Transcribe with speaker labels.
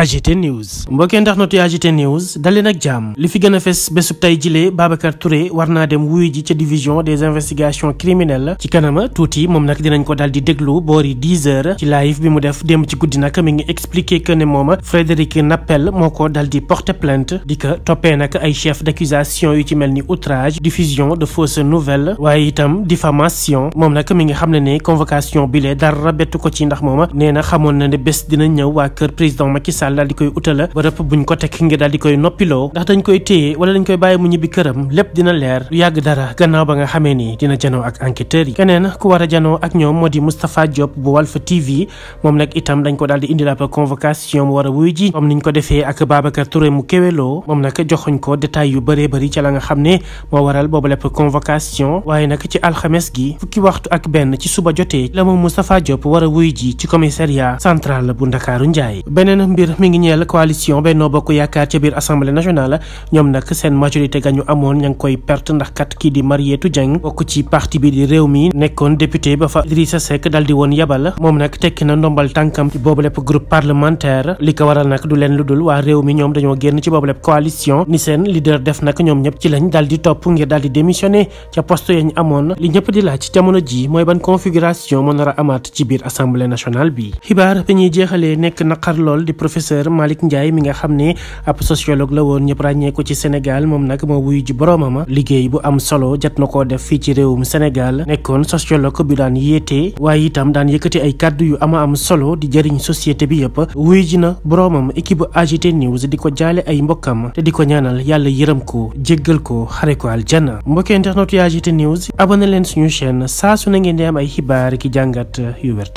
Speaker 1: AGT News mbokkee ndax notu AGT News dalee nag jàmm li fi gën a fes bésub tey jilee Babacar Touré war naa dem wuyu ji ca division des investigations criminelles ci kanama tuuti moom nag dinañ ko daal di déglu boori 10 heures ci live bi mu def démb ci guddi nag mi ngi expliqué que ne mooma Frédéric Nappel moo ko daal di porter plainte di ko toppee nag ay chef d'accusation yu ci mel ni outrage diffusion de fausses nouvelles waaye itam diffamation moom nag mi ngi xam ne ne na xamoon na ne bés dina ñëw waa kër président Macky tribunal koy utala bërëb buñ ko teg ngir daal koy noppiloo ndax dañ koy téye wala dañ koy bàyyi mu ñibbi këram lépp dina leer du yàgg dara gannaaw ba nga xamee ni dina janoo ak enquêteurs yi keneen ku war a janoo ak ñoom moo di Moustapha Diop bu Walf TV moom nag itam dañ ko daal di indi la convocation mu wara wuy wuyu ji comme niñ ko defee ak Babacar Touré mu kéweloo moom nag joxuñ ko détail yu bëree bëri ca la nga xam ne moo waral boobu lepp convocation waaye nag ci alxames gi fukki waxtu ak benn ci suba jotee la moom Moustapha Diop war a wuyu ji ci commissariat central bu Ndakaaru Njaay mi ngi ñeel coalition Benno Bokk Yaakaar ca biir assemblée nationale ñoom nag seen majorité ga amoon ña koy perte ndax kat kii di Mariétou Dieng bokk ci parti bi di réew mi nekkoon député ba fa Idrissa Seck dal woon yabal moom nag tekki na ndombal tànkam ci boobu lépp groupe parlementaire li ko waral nag du leen lu dul waa réew mi ñoom dañoo génn ci boobu lépp coalition ni seen leader def nag ñoom ñëpp ci lañ dal topp ngir dal di a professeur Malick Ndiaye mi nga xam ne ab sociologue la woon ñëpp ràññee ko ci Sénégal moom nag moo wuyu ji boroomam liggéey bu am solo jot na koo def fii ci réewum Sénégal nekkoon sociologue bi daan yéete waaye itam daan yëkkati ay kàddu yu ama am solo di jariñ société bi yëpp wuy ji na boroomam équipe AGT News di ko jaale ay mbokkam te di ko ñaanal yàlla yërëm ko jéggal ko xare ko aljana mbokki internet yu AGT News abonné leen suñu chaîne saa su na ngeen di am ay xibaar ki jàngat yu wér